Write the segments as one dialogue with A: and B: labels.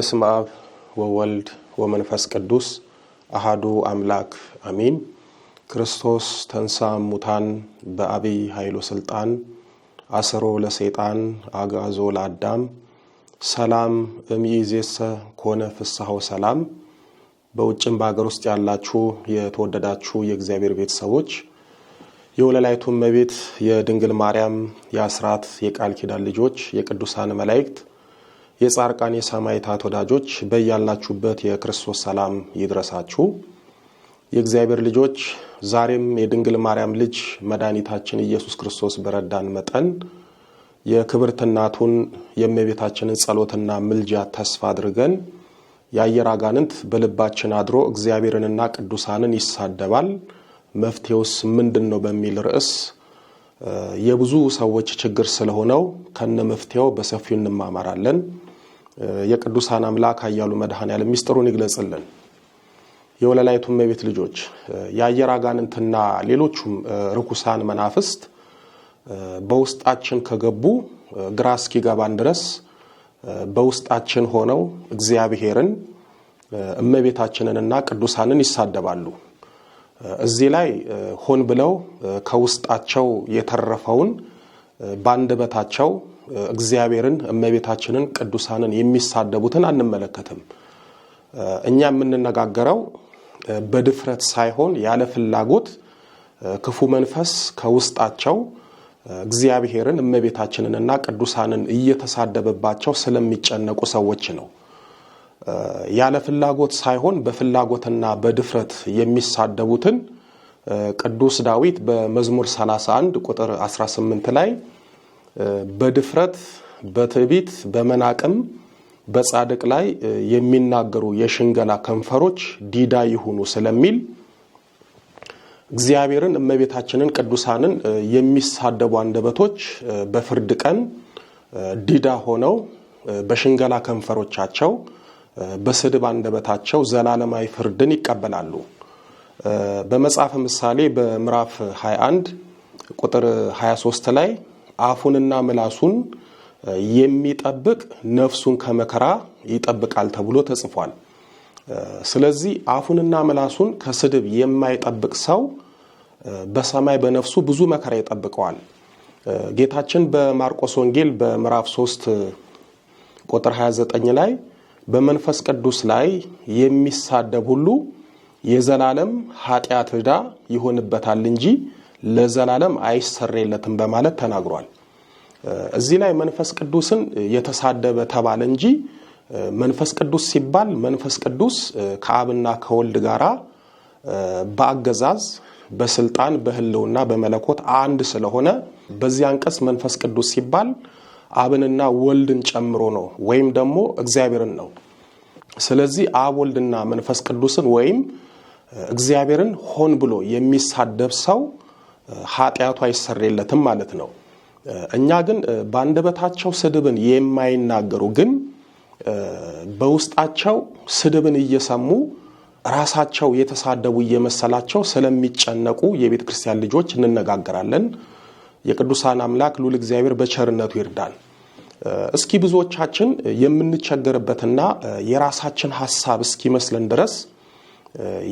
A: በስመ አብ ወወልድ ወመንፈስ ቅዱስ አሃዱ አምላክ አሚን። ክርስቶስ ተንሳ ሙታን በአብይ ኃይሎ ስልጣን አስሮ ለሰይጣን አጋዞ ለአዳም ሰላም እምይእዜሰ ኮነ ፍስሐው ሰላም። በውጭም በሀገር ውስጥ ያላችሁ የተወደዳችሁ የእግዚአብሔር ቤተሰቦች የወለላይቱ እመቤት የድንግል ማርያም የአስራት የቃል ኪዳን ልጆች የቅዱሳን መላእክት የጻርቃን የሰማዕታት ወዳጆች በያላችሁበት የክርስቶስ ሰላም ይድረሳችሁ። የእግዚአብሔር ልጆች ዛሬም የድንግል ማርያም ልጅ መድኃኒታችን ኢየሱስ ክርስቶስ በረዳን መጠን የክብርት እናቱን የእመቤታችንን ጸሎትና ምልጃ ተስፋ አድርገን የአየር አጋንንት በልባችን አድሮ እግዚአብሔርንና ቅዱሳንን ይሳደባል፣ መፍትሄውስ ምንድን ነው በሚል ርዕስ የብዙ ሰዎች ችግር ስለሆነው ከነ መፍትሄው በሰፊው እንማማራለን። የቅዱሳን አምላክ መድሃን መድኃኔዓለም ሚስጥሩን ይግለጽልን። የወለላይቱ እመቤት ልጆች የአየር አጋንንትና ሌሎቹም ርኩሳን መናፍስት በውስጣችን ከገቡ ግራ እስኪገባን ድረስ በውስጣችን ሆነው እግዚአብሔርን እመቤታችንንና ቅዱሳንን ይሳደባሉ። እዚህ ላይ ሆን ብለው ከውስጣቸው የተረፈውን በአንደበታቸው እግዚአብሔርን፣ እመቤታችንን፣ ቅዱሳንን የሚሳደቡትን አንመለከትም። እኛ የምንነጋገረው በድፍረት ሳይሆን ያለ ፍላጎት ክፉ መንፈስ ከውስጣቸው እግዚአብሔርን እመቤታችንንና ቅዱሳንን እየተሳደበባቸው ስለሚጨነቁ ሰዎች ነው። ያለ ፍላጎት ሳይሆን በፍላጎትና በድፍረት የሚሳደቡትን ቅዱስ ዳዊት በመዝሙር 31 ቁጥር 18 ላይ በድፍረት በትዕቢት በመናቅም በጻድቅ ላይ የሚናገሩ የሽንገላ ከንፈሮች ዲዳ ይሁኑ ስለሚል እግዚአብሔርን፣ እመቤታችንን፣ ቅዱሳንን የሚሳደቡ አንደበቶች በፍርድ ቀን ዲዳ ሆነው በሽንገላ ከንፈሮቻቸው በስድብ አንደበታቸው ዘላለማዊ ፍርድን ይቀበላሉ። በመጽሐፈ ምሳሌ በምዕራፍ 21 ቁጥር 23 ላይ አፉንና ምላሱን የሚጠብቅ ነፍሱን ከመከራ ይጠብቃል ተብሎ ተጽፏል። ስለዚህ አፉንና ምላሱን ከስድብ የማይጠብቅ ሰው በሰማይ በነፍሱ ብዙ መከራ ይጠብቀዋል። ጌታችን በማርቆስ ወንጌል በምዕራፍ 3 ቁጥር 29 ላይ በመንፈስ ቅዱስ ላይ የሚሳደብ ሁሉ የዘላለም ኃጢአት ዕዳ ይሆንበታል እንጂ ለዘላለም አይሰረይለትም በማለት ተናግሯል። እዚህ ላይ መንፈስ ቅዱስን የተሳደበ ተባለ እንጂ መንፈስ ቅዱስ ሲባል መንፈስ ቅዱስ ከአብና ከወልድ ጋር በአገዛዝ በስልጣን በህልውና በመለኮት አንድ ስለሆነ በዚህ አንቀጽ መንፈስ ቅዱስ ሲባል አብንና ወልድን ጨምሮ ነው፣ ወይም ደግሞ እግዚአብሔርን ነው። ስለዚህ አብ ወልድና መንፈስ ቅዱስን ወይም እግዚአብሔርን ሆን ብሎ የሚሳደብ ሰው ኃጢአቱ አይሰሬለትም ማለት ነው። እኛ ግን በአንደበታቸው ስድብን የማይናገሩ ግን በውስጣቸው ስድብን እየሰሙ ራሳቸው የተሳደቡ እየመሰላቸው ስለሚጨነቁ የቤተ ክርስቲያን ልጆች እንነጋገራለን። የቅዱሳን አምላክ ልዑል እግዚአብሔር በቸርነቱ ይርዳን። እስኪ ብዙዎቻችን የምንቸገርበትና የራሳችን ሀሳብ እስኪመስለን ድረስ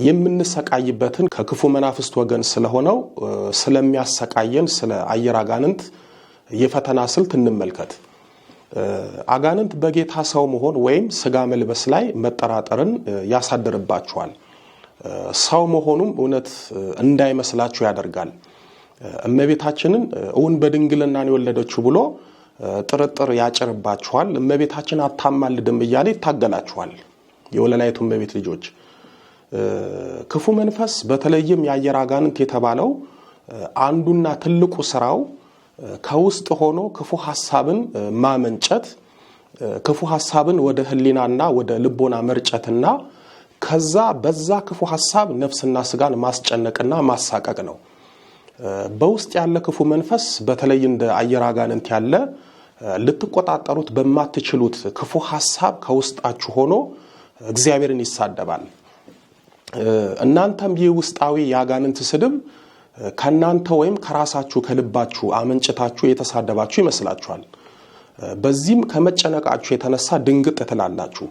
A: የምንሰቃይበትን ከክፉ መናፍስት ወገን ስለሆነው ስለሚያሰቃየን ስለ አየር አጋንንት የፈተና ስልት እንመልከት። አጋንንት በጌታ ሰው መሆን ወይም ስጋ መልበስ ላይ መጠራጠርን ያሳድርባቸዋል። ሰው መሆኑም እውነት እንዳይመስላችሁ ያደርጋል። እመቤታችንን እውን በድንግልናን የወለደችው ብሎ ጥርጥር ያጭርባችኋል። እመቤታችን አታማልድም እያለ ይታገላችኋል። የወለላይቱ እመቤት ልጆች ክፉ መንፈስ በተለይም የአየር አጋንንት የተባለው አንዱና ትልቁ ስራው ከውስጥ ሆኖ ክፉ ሀሳብን ማመንጨት፣ ክፉ ሀሳብን ወደ ህሊናና ወደ ልቦና መርጨትና ከዛ በዛ ክፉ ሀሳብ ነፍስና ስጋን ማስጨነቅና ማሳቀቅ ነው። በውስጥ ያለ ክፉ መንፈስ በተለይ እንደ አየር አጋንንት ያለ ልትቆጣጠሩት በማትችሉት ክፉ ሀሳብ ከውስጣችሁ ሆኖ እግዚአብሔርን ይሳደባል። እናንተም ይህ ውስጣዊ የአጋንንት ስድብ ከእናንተ ወይም ከራሳችሁ ከልባችሁ አመንጭታችሁ የተሳደባችሁ ይመስላችኋል። በዚህም ከመጨነቃችሁ የተነሳ ድንግጥ ትላላችሁ።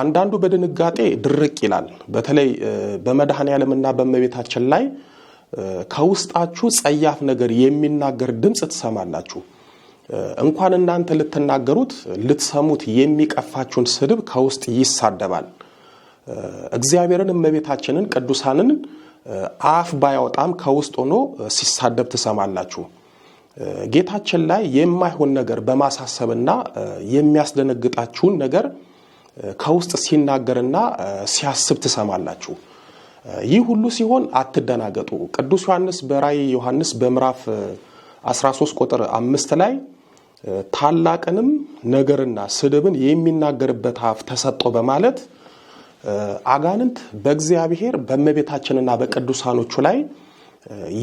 A: አንዳንዱ በድንጋጤ ድርቅ ይላል። በተለይ በመድኃኔ ዓለምና በእመቤታችን ላይ ከውስጣችሁ ጸያፍ ነገር የሚናገር ድምፅ ትሰማላችሁ። እንኳን እናንተ ልትናገሩት ልትሰሙት የሚቀፋችሁን ስድብ ከውስጥ ይሳደባል። እግዚአብሔርን እመቤታችንን ቅዱሳንን አፍ ባያወጣም ከውስጥ ሆኖ ሲሳደብ ትሰማላችሁ። ጌታችን ላይ የማይሆን ነገር በማሳሰብና የሚያስደነግጣችሁን ነገር ከውስጥ ሲናገርና ሲያስብ ትሰማላችሁ። ይህ ሁሉ ሲሆን አትደናገጡ። ቅዱስ ዮሐንስ በራይ ዮሐንስ በምዕራፍ 13 ቁጥር አምስት ላይ ታላቅንም ነገርና ስድብን የሚናገርበት አፍ ተሰጠው በማለት አጋንንት በእግዚአብሔር በእመቤታችንና በቅዱሳኖቹ ላይ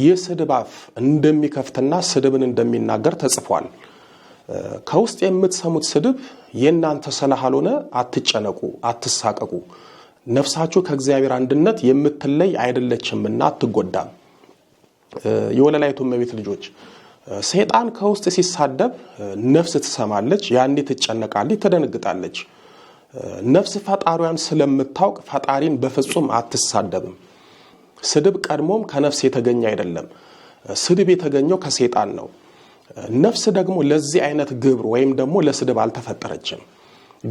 A: የስድብ አፍ እንደሚከፍትና ስድብን እንደሚናገር ተጽፏል። ከውስጥ የምትሰሙት ስድብ የእናንተ ስላልሆነ አትጨነቁ፣ አትሳቀቁ። ነፍሳችሁ ከእግዚአብሔር አንድነት የምትለይ አይደለችምና አትጎዳም። የወለላይቱ እመቤት ልጆች ሰይጣን ከውስጥ ሲሳደብ ነፍስ ትሰማለች፣ ያኔ ትጨነቃለች፣ ትደነግጣለች። ነፍስ ፈጣሪዋን ስለምታውቅ ፈጣሪን በፍጹም አትሳደብም። ስድብ ቀድሞም ከነፍስ የተገኘ አይደለም። ስድብ የተገኘው ከሴጣን ነው። ነፍስ ደግሞ ለዚህ አይነት ግብር ወይም ደግሞ ለስድብ አልተፈጠረችም።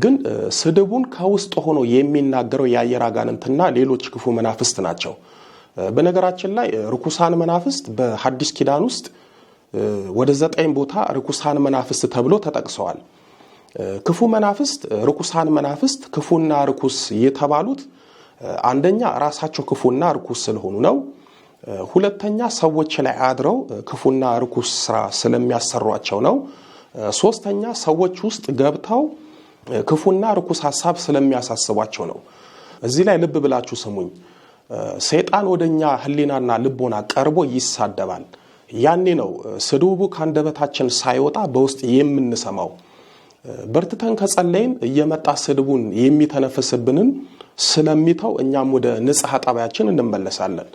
A: ግን ስድቡን ከውስጥ ሆኖ የሚናገረው የአየር አጋንንትና ሌሎች ክፉ መናፍስት ናቸው። በነገራችን ላይ ርኩሳን መናፍስት በሐዲስ ኪዳን ውስጥ ወደ ዘጠኝ ቦታ ርኩሳን መናፍስት ተብሎ ተጠቅሰዋል። ክፉ መናፍስት፣ ርኩሳን መናፍስት ክፉና ርኩስ የተባሉት አንደኛ ራሳቸው ክፉና ርኩስ ስለሆኑ ነው። ሁለተኛ ሰዎች ላይ አድረው ክፉና ርኩስ ስራ ስለሚያሰሯቸው ነው። ሶስተኛ ሰዎች ውስጥ ገብተው ክፉና ርኩስ ሀሳብ ስለሚያሳስቧቸው ነው። እዚህ ላይ ልብ ብላችሁ ስሙኝ። ሰይጣን ወደኛ ህሊናና ልቦና ቀርቦ ይሳደባል። ያኔ ነው ስድቡ ከአንደበታችን ሳይወጣ በውስጥ የምንሰማው። በርትተን ከጸለይን እየመጣ ስድቡን የሚተነፍስብንን ስለሚተው እኛም ወደ ንጽሐ ጠባያችን እንመለሳለን።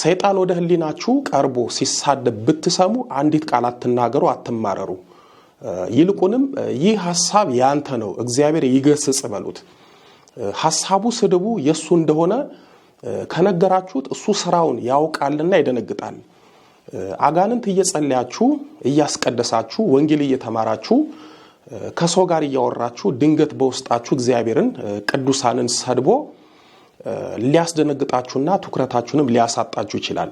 A: ሰይጣን ወደ ህሊናችሁ ቀርቦ ሲሳደብ ብትሰሙ አንዲት ቃል አትናገሩ፣ አትማረሩ። ይልቁንም ይህ ሐሳብ ያንተ ነው፣ እግዚአብሔር ይገስጽ በሉት። ሐሳቡ ስድቡ የእሱ እንደሆነ ከነገራችሁት እሱ ስራውን ያውቃልና ይደነግጣል። አጋንንት እየጸለያችሁ እያስቀደሳችሁ ወንጌል እየተማራችሁ ከሰው ጋር እያወራችሁ ድንገት በውስጣችሁ እግዚአብሔርን ቅዱሳንን ሰድቦ ሊያስደነግጣችሁና ትኩረታችሁንም ሊያሳጣችሁ ይችላል።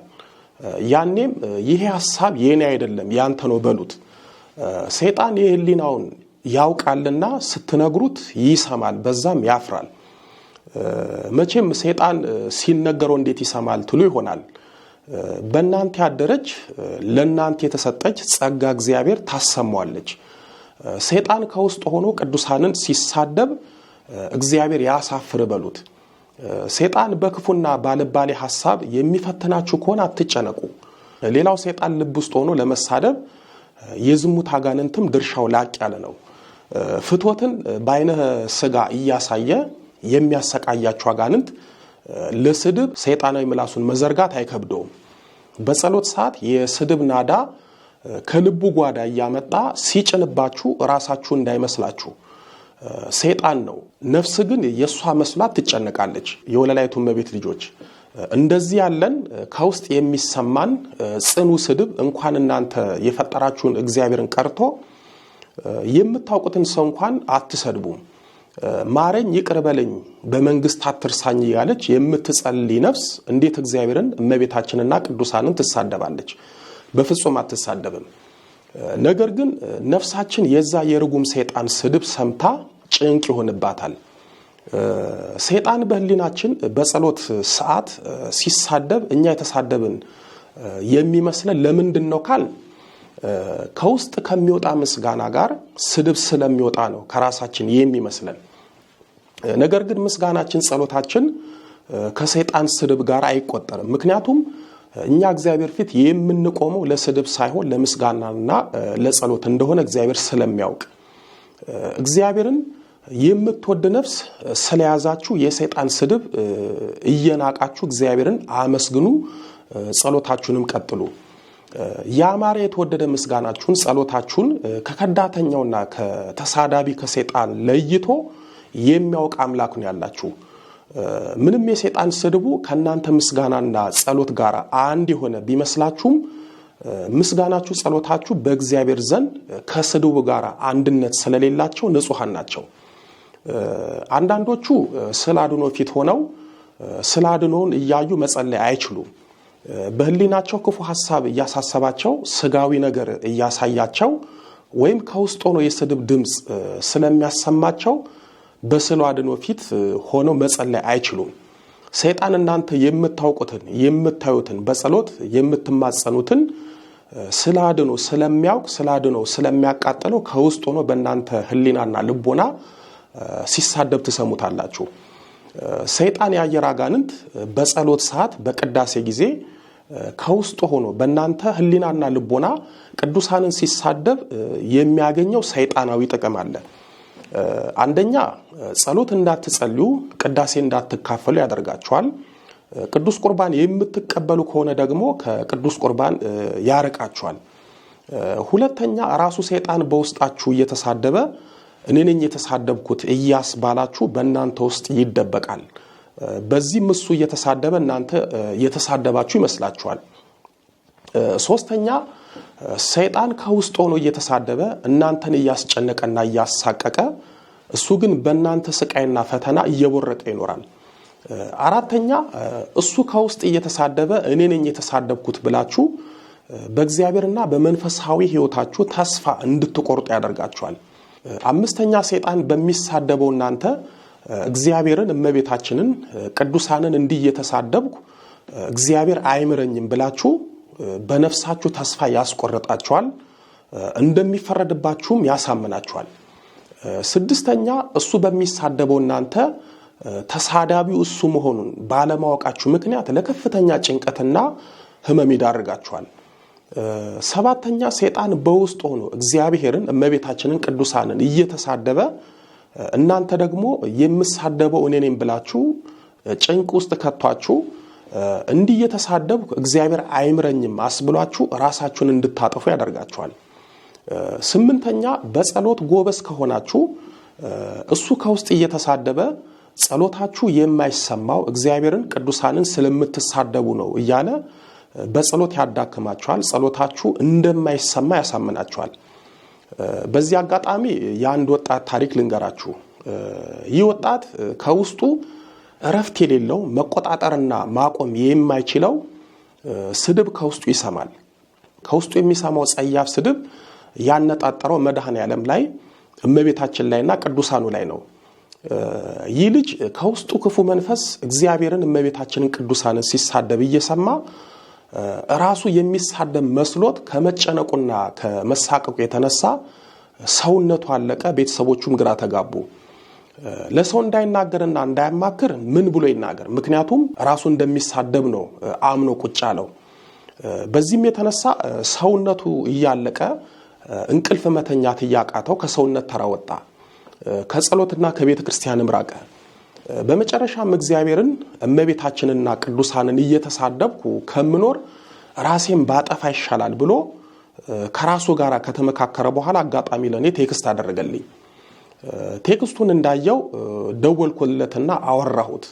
A: ያኔም ይሄ ሀሳብ የኔ አይደለም ያንተ ነው በሉት። ሰይጣን የህሊናውን ያውቃልና ስትነግሩት ይሰማል፣ በዛም ያፍራል። መቼም ሰይጣን ሲነገረው እንዴት ይሰማል ትሉ ይሆናል። በእናንተ ያደረች ለእናንተ የተሰጠች ጸጋ እግዚአብሔር ታሰማዋለች። ሰይጣን ከውስጥ ሆኖ ቅዱሳንን ሲሳደብ እግዚአብሔር ያሳፍር በሉት። ሰይጣን በክፉና ባልባሌ ሐሳብ የሚፈትናችሁ ከሆነ አትጨነቁ። ሌላው ሰይጣን ልብ ውስጥ ሆኖ ለመሳደብ የዝሙት አጋንንትም ድርሻው ላቅ ያለ ነው። ፍትወትን በአይነ ስጋ እያሳየ የሚያሰቃያችሁ አጋንንት ለስድብ ሰይጣናዊ ምላሱን መዘርጋት አይከብደውም። በጸሎት ሰዓት የስድብ ናዳ ከልቡ ጓዳ እያመጣ ሲጭንባችሁ ራሳችሁ እንዳይመስላችሁ ሰይጣን ነው። ነፍስ ግን የእሷ መስሏት ትጨነቃለች። የወለላይቱ እመቤት ልጆች እንደዚህ ያለን ከውስጥ የሚሰማን ጽኑ ስድብ እንኳን እናንተ የፈጠራችሁን እግዚአብሔርን ቀርቶ የምታውቁትን ሰው እንኳን አትሰድቡም። ማረኝ ይቅር በለኝ በመንግስት አትርሳኝ እያለች የምትጸልይ ነፍስ እንዴት እግዚአብሔርን እመቤታችንና ቅዱሳንን ትሳደባለች? በፍጹም አትሳደብም። ነገር ግን ነፍሳችን የዛ የርጉም ሰይጣን ስድብ ሰምታ ጭንቅ ይሆንባታል። ሰይጣን በህሊናችን በጸሎት ሰዓት ሲሳደብ እኛ የተሳደብን የሚመስለን ለምንድን ነው ካል ከውስጥ ከሚወጣ ምስጋና ጋር ስድብ ስለሚወጣ ነው ከራሳችን የሚመስለን። ነገር ግን ምስጋናችን፣ ጸሎታችን ከሰይጣን ስድብ ጋር አይቆጠርም። ምክንያቱም እኛ እግዚአብሔር ፊት የምንቆመው ለስድብ ሳይሆን ለምስጋናና ለጸሎት እንደሆነ እግዚአብሔር ስለሚያውቅ እግዚአብሔርን የምትወድ ነፍስ ስለያዛችሁ የሰይጣን ስድብ እየናቃችሁ እግዚአብሔርን አመስግኑ፣ ጸሎታችሁንም ቀጥሉ። ያማረ የተወደደ ምስጋናችሁን፣ ጸሎታችሁን ከከዳተኛውና ከተሳዳቢ ከሰይጣን ለይቶ የሚያውቅ አምላክ ነው ያላችሁ። ምንም የሰይጣን ስድቡ ከእናንተ ምስጋናና ጸሎት ጋር አንድ የሆነ ቢመስላችሁም ምስጋናችሁ፣ ጸሎታችሁ በእግዚአብሔር ዘንድ ከስድቡ ጋር አንድነት ስለሌላቸው ንጹሐን ናቸው። አንዳንዶቹ ስለ አድኖ ፊት ሆነው ስለ አድኖን እያዩ መጸለይ አይችሉም። በህሊናቸው ክፉ ሐሳብ እያሳሰባቸው ስጋዊ ነገር እያሳያቸው ወይም ከውስጥ ሆኖ የስድብ ድምፅ ስለሚያሰማቸው በስዕል አድኖ ፊት ሆነው መጸለይ አይችሉም። ሰይጣን እናንተ የምታውቁትን የምታዩትን፣ በጸሎት የምትማጸኑትን ስለ አድኖ ስለሚያውቅ ስለ አድኖ ስለሚያቃጥለው ከውስጥ ሆኖ በእናንተ ህሊናና ልቦና ሲሳደብ ትሰሙታላችሁ። ሰይጣን የአየር አጋንንት በጸሎት ሰዓት በቅዳሴ ጊዜ ከውስጡ ሆኖ በእናንተ ህሊናና ልቦና ቅዱሳንን ሲሳደብ የሚያገኘው ሰይጣናዊ ጥቅም አለ። አንደኛ ጸሎት እንዳትጸልዩ፣ ቅዳሴ እንዳትካፈሉ ያደርጋችኋል። ቅዱስ ቁርባን የምትቀበሉ ከሆነ ደግሞ ከቅዱስ ቁርባን ያርቃችኋል። ሁለተኛ ራሱ ሰይጣን በውስጣችሁ እየተሳደበ እኔ ነኝ የተሳደብኩት እያስባላችሁ በእናንተ ውስጥ ይደበቃል። በዚህም እሱ እየተሳደበ እናንተ እየተሳደባችሁ ይመስላችኋል። ሶስተኛ ሰይጣን ከውስጥ ሆኖ እየተሳደበ እናንተን እያስጨነቀና እያሳቀቀ እሱ ግን በእናንተ ስቃይና ፈተና እየቦረቀ ይኖራል። አራተኛ እሱ ከውስጥ እየተሳደበ እኔ ነኝ የተሳደብኩት ብላችሁ በእግዚአብሔርና በመንፈሳዊ ሕይወታችሁ ተስፋ እንድትቆርጡ ያደርጋችኋል። አምስተኛ ሰይጣን በሚሳደበው እናንተ እግዚአብሔርን፣ እመቤታችንን፣ ቅዱሳንን እንዲህ እየተሳደብኩ እግዚአብሔር አይምረኝም ብላችሁ በነፍሳችሁ ተስፋ ያስቆረጣችኋል፣ እንደሚፈረድባችሁም ያሳምናችኋል። ስድስተኛ እሱ በሚሳደበው እናንተ ተሳዳቢው እሱ መሆኑን ባለማወቃችሁ ምክንያት ለከፍተኛ ጭንቀትና ሕመም ይዳርጋችኋል። ሰባተኛ ሰይጣን በውስጥ ሆኖ እግዚአብሔርን፣ እመቤታችንን፣ ቅዱሳንን እየተሳደበ እናንተ ደግሞ የምሳደበው እኔ ነኝ ብላችሁ ጭንቅ ውስጥ ከቷችሁ እንዲህ እየተሳደብኩ እግዚአብሔር አይምረኝም አስብሏችሁ ራሳችሁን እንድታጠፉ ያደርጋችኋል። ስምንተኛ በጸሎት ጎበዝ ከሆናችሁ እሱ ከውስጥ እየተሳደበ ጸሎታችሁ የማይሰማው እግዚአብሔርን ቅዱሳንን ስለምትሳደቡ ነው እያለ በጸሎት ያዳክማችኋል። ጸሎታችሁ እንደማይሰማ ያሳምናችኋል። በዚህ አጋጣሚ የአንድ ወጣት ታሪክ ልንገራችሁ። ይህ ወጣት ከውስጡ እረፍት የሌለው መቆጣጠርና ማቆም የማይችለው ስድብ ከውስጡ ይሰማል። ከውስጡ የሚሰማው ጸያፍ ስድብ ያነጣጠረው መድኃኔ ዓለም ላይ እመቤታችን ላይና ቅዱሳኑ ላይ ነው። ይህ ልጅ ከውስጡ ክፉ መንፈስ እግዚአብሔርን፣ እመቤታችንን፣ ቅዱሳንን ሲሳደብ እየሰማ ራሱ የሚሳደብ መስሎት ከመጨነቁና ከመሳቀቁ የተነሳ ሰውነቱ አለቀ። ቤተሰቦቹም ግራ ተጋቡ። ለሰው እንዳይናገርና እንዳያማክር ምን ብሎ ይናገር? ምክንያቱም ራሱ እንደሚሳደብ ነው አምኖ ቁጭ አለው። በዚህም የተነሳ ሰውነቱ እያለቀ እንቅልፍ መተኛት እያቃተው ከሰውነት ተራ ወጣ። ከጸሎትና ከቤተ ክርስቲያንም ራቀ። በመጨረሻም እግዚአብሔርን እመቤታችንና ቅዱሳንን እየተሳደብኩ ከምኖር ራሴን ባጠፋ ይሻላል ብሎ ከራሱ ጋር ከተመካከረ በኋላ አጋጣሚ ለእኔ ቴክስት አደረገልኝ። ቴክስቱን እንዳየው ደወልኩለትና አወራሁት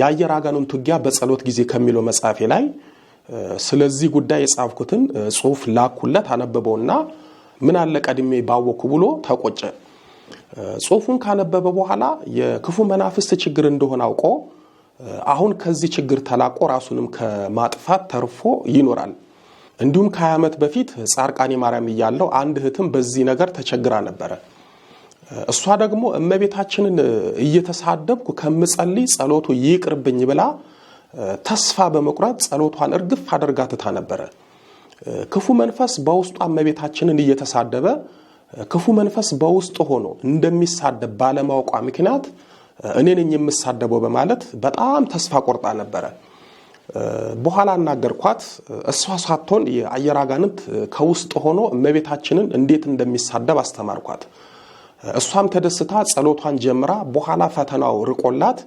A: የአየር አጋኑን ውጊያ በጸሎት ጊዜ ከሚለው መጽሐፌ ላይ ስለዚህ ጉዳይ የጻፍኩትን ጽሁፍ ላኩለት። አነበበውና ምን አለ ቀድሜ ባወኩ ብሎ ተቆጨ። ጽሁፉን ካነበበ በኋላ የክፉ መናፍስት ችግር እንደሆነ አውቆ አሁን ከዚህ ችግር ተላቆ ራሱንም ከማጥፋት ተርፎ ይኖራል። እንዲሁም ከ20 ዓመት በፊት ጻርቃኔ ማርያም እያለው አንድ እህትም በዚህ ነገር ተቸግራ ነበረ። እሷ ደግሞ እመቤታችንን እየተሳደብኩ ከምጸልይ ጸሎቱ ይቅርብኝ ብላ ተስፋ በመቁረጥ ጸሎቷን እርግፍ አድርጋ ትታ ነበረ። ክፉ መንፈስ በውስጧ እመቤታችንን እየተሳደበ ክፉ መንፈስ በውስጥ ሆኖ እንደሚሳደብ ባለማወቋ ምክንያት እኔ ነኝ የምሳደበው በማለት በጣም ተስፋ ቆርጣ ነበረ። በኋላ እናገርኳት እሷ ሳትሆን የአየር አጋንንት ከውስጥ ሆኖ እመቤታችንን እንዴት እንደሚሳደብ አስተማርኳት። እሷም ተደስታ ጸሎቷን ጀምራ በኋላ ፈተናው ርቆላት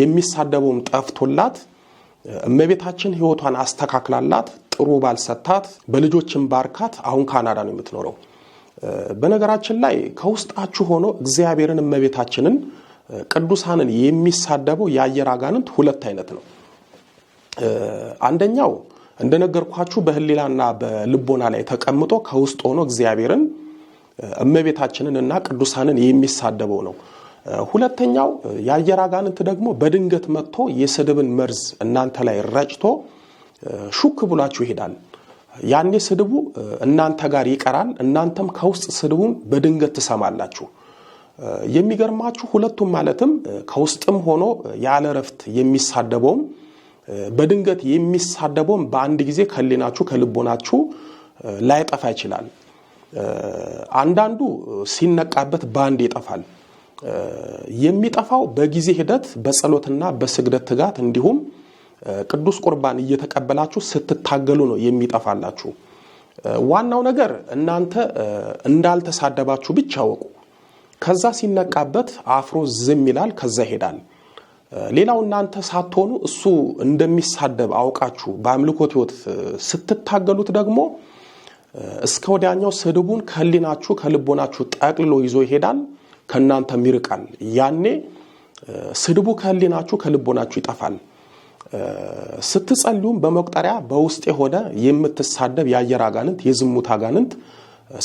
A: የሚሳደበውም ጠፍቶላት እመቤታችን ሕይወቷን አስተካክላላት ጥሩ ባልሰታት በልጆችን ባርካት። አሁን ካናዳ ነው የምትኖረው። በነገራችን ላይ ከውስጣችሁ ሆኖ እግዚአብሔርን እመቤታችንን ቅዱሳንን የሚሳደበው የአየር አጋንንት ሁለት አይነት ነው። አንደኛው እንደነገርኳችሁ በህሊናና በልቦና ላይ ተቀምጦ ከውስጥ ሆኖ እግዚአብሔርን እመቤታችንን እና ቅዱሳንን የሚሳደበው ነው። ሁለተኛው የአየር አጋንንት ደግሞ በድንገት መጥቶ የስድብን መርዝ እናንተ ላይ ረጭቶ ሹክ ብሏችሁ ይሄዳል። ያኔ ስድቡ እናንተ ጋር ይቀራል። እናንተም ከውስጥ ስድቡን በድንገት ትሰማላችሁ። የሚገርማችሁ ሁለቱም ማለትም ከውስጥም ሆኖ ያለ እረፍት የሚሳደበውም በድንገት የሚሳደበውም በአንድ ጊዜ ከሌናችሁ ከልቦናችሁ ላይጠፋ ይችላል። አንዳንዱ ሲነቃበት በአንድ ይጠፋል። የሚጠፋው በጊዜ ሂደት በጸሎትና በስግደት ትጋት እንዲሁም ቅዱስ ቁርባን እየተቀበላችሁ ስትታገሉ ነው የሚጠፋላችሁ። ዋናው ነገር እናንተ እንዳልተሳደባችሁ ብቻ አወቁ። ከዛ ሲነቃበት አፍሮ ዝም ይላል፣ ከዛ ይሄዳል። ሌላው እናንተ ሳትሆኑ እሱ እንደሚሳደብ አውቃችሁ በአምልኮት ሕይወት ስትታገሉት ደግሞ እስከ ወዲያኛው ስድቡን ከህሊናችሁ ከልቦናችሁ ጠቅልሎ ይዞ ይሄዳል፣ ከእናንተም ይርቃል። ያኔ ስድቡ ከህሊናችሁ ከልቦናችሁ ይጠፋል። ስትጸልዩም በመቁጠሪያ በውስጥ የሆነ የምትሳደብ የአየር አጋንንት፣ የዝሙት አጋንንት፣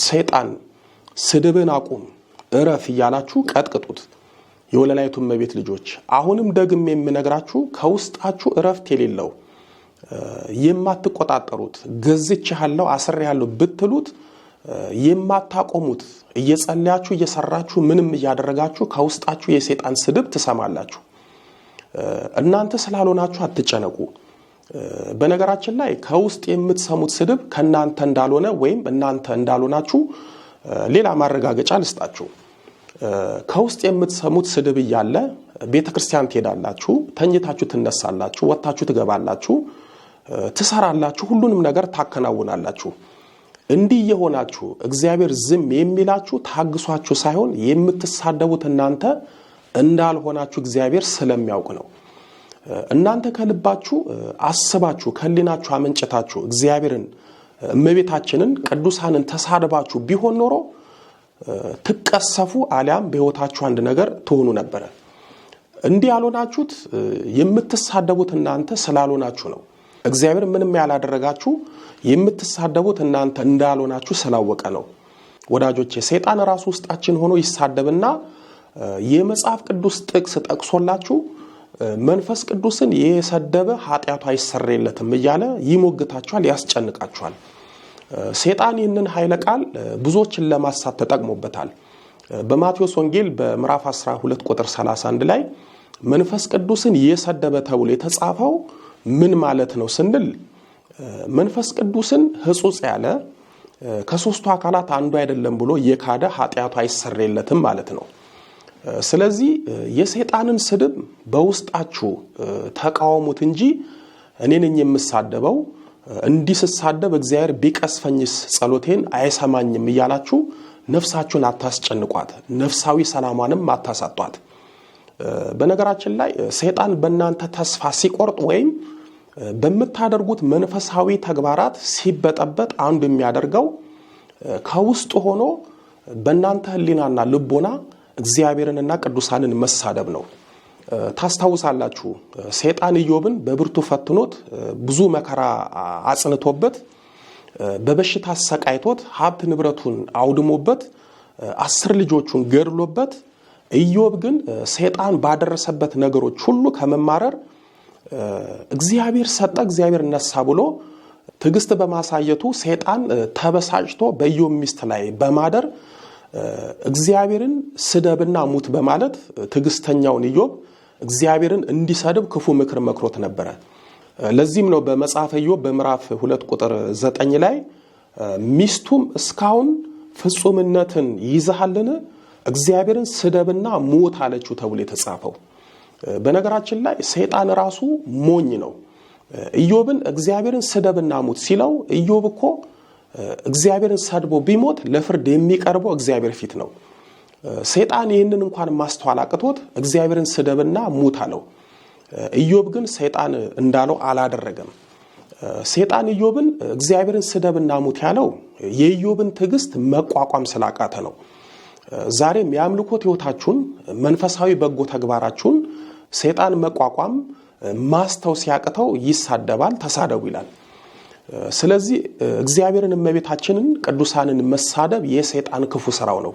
A: ሰይጣን ስድብን አቁም እረፍ እያላችሁ ቀጥቅጡት። የወለላይቱ እመቤት ልጆች አሁንም ደግም የምነግራችሁ ከውስጣችሁ እረፍት የሌለው የማትቆጣጠሩት ገዝቻለሁ አስሬያለሁ ብትሉት የማታቆሙት እየጸለያችሁ እየሰራችሁ ምንም እያደረጋችሁ ከውስጣችሁ የሴጣን ስድብ ትሰማላችሁ። እናንተ ስላልሆናችሁ አትጨነቁ። በነገራችን ላይ ከውስጥ የምትሰሙት ስድብ ከእናንተ እንዳልሆነ ወይም እናንተ እንዳልሆናችሁ ሌላ ማረጋገጫ ልስጣችሁ። ከውስጥ የምትሰሙት ስድብ እያለ ቤተ ክርስቲያን ትሄዳላችሁ፣ ተኝታችሁ ትነሳላችሁ፣ ወጥታችሁ ትገባላችሁ ትሰራላችሁ፣ ሁሉንም ነገር ታከናውናላችሁ። እንዲህ የሆናችሁ እግዚአብሔር ዝም የሚላችሁ ታግሷችሁ ሳይሆን የምትሳደቡት እናንተ እንዳልሆናችሁ እግዚአብሔር ስለሚያውቅ ነው። እናንተ ከልባችሁ አስባችሁ ከሊናችሁ አመንጭታችሁ እግዚአብሔርን እመቤታችንን ቅዱሳንን ተሳድባችሁ ቢሆን ኖሮ ትቀሰፉ አሊያም በሕይወታችሁ አንድ ነገር ትሆኑ ነበረ። እንዲህ ያልሆናችሁት የምትሳደቡት እናንተ ስላልሆናችሁ ነው። እግዚአብሔር ምንም ያላደረጋችሁ የምትሳደቡት እናንተ እንዳልሆናችሁ ስላወቀ ነው። ወዳጆቼ ሰይጣን ራሱ ውስጣችን ሆኖ ይሳደብና የመጽሐፍ ቅዱስ ጥቅስ ጠቅሶላችሁ መንፈስ ቅዱስን የሰደበ ኃጢአቱ አይሰረየለትም እያለ ይሞግታችኋል፣ ያስጨንቃችኋል። ሰይጣን ይህንን ኃይለ ቃል ብዙዎችን ለማሳት ተጠቅሞበታል። በማቴዎስ ወንጌል በምዕራፍ 12 ቁጥር 31 ላይ መንፈስ ቅዱስን የሰደበ ተብሎ የተጻፈው ምን ማለት ነው ስንል መንፈስ ቅዱስን ህጹጽ ያለ ከሶስቱ አካላት አንዱ አይደለም ብሎ የካደ ኃጢአቱ አይሰረየለትም ማለት ነው። ስለዚህ የሰይጣንን ስድብ በውስጣችሁ ተቃወሙት እንጂ እኔን የምሳደበው እንዲስሳደብ እግዚአብሔር ቢቀስፈኝስ ጸሎቴን አይሰማኝም እያላችሁ ነፍሳችሁን አታስጨንቋት፣ ነፍሳዊ ሰላሟንም አታሳጧት። በነገራችን ላይ ሰይጣን በእናንተ ተስፋ ሲቆርጥ ወይም በምታደርጉት መንፈሳዊ ተግባራት ሲበጠበጥ አንዱ የሚያደርገው ከውስጥ ሆኖ በእናንተ ህሊናና ልቦና እግዚአብሔርንና ቅዱሳንን መሳደብ ነው። ታስታውሳላችሁ፣ ሰይጣን ኢዮብን በብርቱ ፈትኖት ብዙ መከራ አጽንቶበት በበሽታ አሰቃይቶት ሀብት ንብረቱን አውድሞበት አስር ልጆቹን ገድሎበት ኢዮብ ግን ሰይጣን ባደረሰበት ነገሮች ሁሉ ከመማረር እግዚአብሔር ሰጠ፣ እግዚአብሔር ነሳ ብሎ ትዕግስት በማሳየቱ ሰይጣን ተበሳጭቶ በኢዮብ ሚስት ላይ በማደር እግዚአብሔርን ስደብና ሙት በማለት ትዕግስተኛውን ኢዮብ እግዚአብሔርን እንዲሰድብ ክፉ ምክር መክሮት ነበረ። ለዚህም ነው በመጽሐፈ ኢዮብ በምዕራፍ ሁለት ቁጥር ዘጠኝ ላይ ሚስቱም እስካሁን ፍጹምነትን ይዛሃልን እግዚአብሔርን ስደብና ሞት አለችው ተብሎ የተጻፈው። በነገራችን ላይ ሰይጣን ራሱ ሞኝ ነው። ኢዮብን እግዚአብሔርን ስደብና ሞት ሲለው ኢዮብ እኮ እግዚአብሔርን ሰድቦ ቢሞት ለፍርድ የሚቀርበው እግዚአብሔር ፊት ነው። ሰይጣን ይህንን እንኳን ማስተዋል አቅቶት እግዚአብሔርን ስደብና ሞት አለው። ኢዮብ ግን ሰይጣን እንዳለው አላደረገም። ሰይጣን ኢዮብን እግዚአብሔርን ስደብና ሙት ያለው የኢዮብን ትዕግስት መቋቋም ስላቃተ ነው። ዛሬም የአምልኮት ህይወታችሁን መንፈሳዊ በጎ ተግባራችሁን ሰይጣን መቋቋም ማስተው ሲያቅተው ይሳደባል፣ ተሳደቡ ይላል። ስለዚህ እግዚአብሔርን፣ እመቤታችንን፣ ቅዱሳንን መሳደብ የሰይጣን ክፉ ስራው ነው።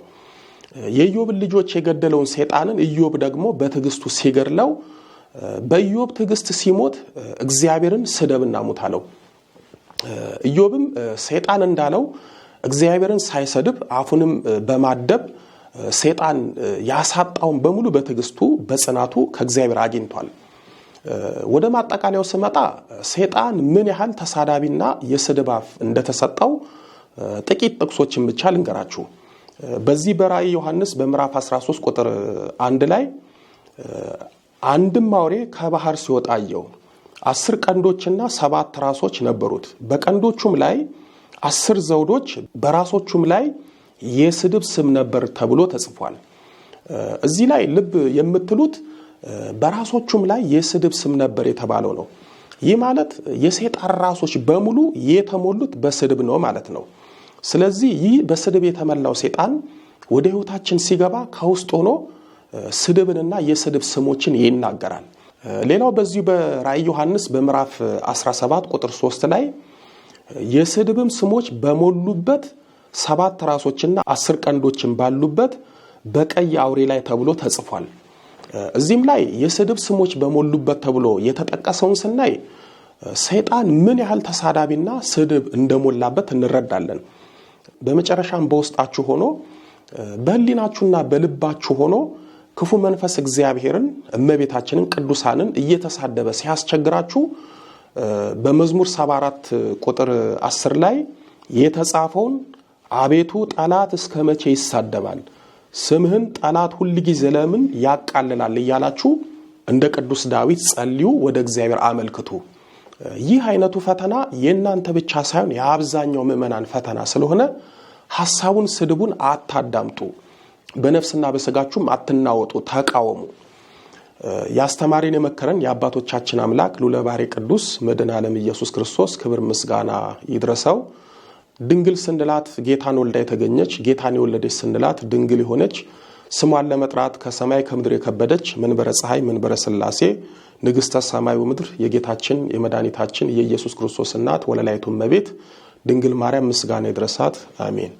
A: የኢዮብን ልጆች የገደለውን ሰይጣንን ኢዮብ ደግሞ በትዕግስቱ ሲገድለው በኢዮብ ትዕግስት ሲሞት እግዚአብሔርን ስደብና ሙት አለው። ኢዮብም ሰይጣን እንዳለው እግዚአብሔርን ሳይሰድብ አፉንም በማደብ ሴጣን ያሳጣውን በሙሉ በትዕግስቱ በጽናቱ ከእግዚአብሔር አግኝቷል። ወደ ማጠቃለያው ስመጣ ሴጣን ምን ያህል ተሳዳቢና የስድብ አፍ እንደተሰጠው ጥቂት ጥቅሶችን ብቻ ልንገራችሁ። በዚህ በራእይ ዮሐንስ በምዕራፍ 13 ቁጥር አንድ ላይ አንድም አውሬ ከባህር ሲወጣ አየሁ። አስር ቀንዶችና ሰባት ራሶች ነበሩት። በቀንዶቹም ላይ አስር ዘውዶች፣ በራሶቹም ላይ የስድብ ስም ነበር ተብሎ ተጽፏል። እዚህ ላይ ልብ የምትሉት በራሶቹም ላይ የስድብ ስም ነበር የተባለው ነው። ይህ ማለት የሰይጣን ራሶች በሙሉ የተሞሉት በስድብ ነው ማለት ነው። ስለዚህ ይህ በስድብ የተመላው ሰይጣን ወደ ሕይወታችን ሲገባ ከውስጥ ሆኖ ስድብንና የስድብ ስሞችን ይናገራል። ሌላው በዚሁ በራእይ ዮሐንስ በምዕራፍ 17 ቁጥር 3 ላይ የስድብም ስሞች በሞሉበት ሰባት ራሶችና አስር ቀንዶችን ባሉበት በቀይ አውሬ ላይ ተብሎ ተጽፏል። እዚህም ላይ የስድብ ስሞች በሞሉበት ተብሎ የተጠቀሰውን ስናይ ሰይጣን ምን ያህል ተሳዳቢና ስድብ እንደሞላበት እንረዳለን። በመጨረሻም በውስጣችሁ ሆኖ በህሊናችሁና በልባችሁ ሆኖ ክፉ መንፈስ እግዚአብሔርን፣ እመቤታችንን፣ ቅዱሳንን እየተሳደበ ሲያስቸግራችሁ በመዝሙር 74 ቁጥር 10 ላይ የተጻፈውን አቤቱ ጠላት እስከ መቼ ይሳደባል? ስምህን ጠላት ሁልጊዜ ጊዜ ለምን ያቃልላል? እያላችሁ እንደ ቅዱስ ዳዊት ጸልዩ፣ ወደ እግዚአብሔር አመልክቱ። ይህ አይነቱ ፈተና የእናንተ ብቻ ሳይሆን የአብዛኛው ምዕመናን ፈተና ስለሆነ ሐሳቡን፣ ስድቡን አታዳምጡ። በነፍስና በስጋችሁም አትናወጡ፣ ተቃወሙ። ያስተማሪን የመከረን የአባቶቻችን አምላክ ሉለባሬ ቅዱስ መድኃኔ ዓለም ኢየሱስ ክርስቶስ ክብር ምስጋና ይድረሰው። ድንግል ስንላት ጌታን ወልዳ የተገኘች ጌታን የወለደች ስንላት ድንግል የሆነች ስሟን ለመጥራት ከሰማይ ከምድር የከበደች መንበረ ፀሐይ መንበረ ስላሴ ንግሥተ ሰማዩ ምድር የጌታችን የመድኃኒታችን የኢየሱስ ክርስቶስ እናት ወለላይቱ እመቤት ድንግል ማርያም ምስጋና ይድረሳት። አሜን።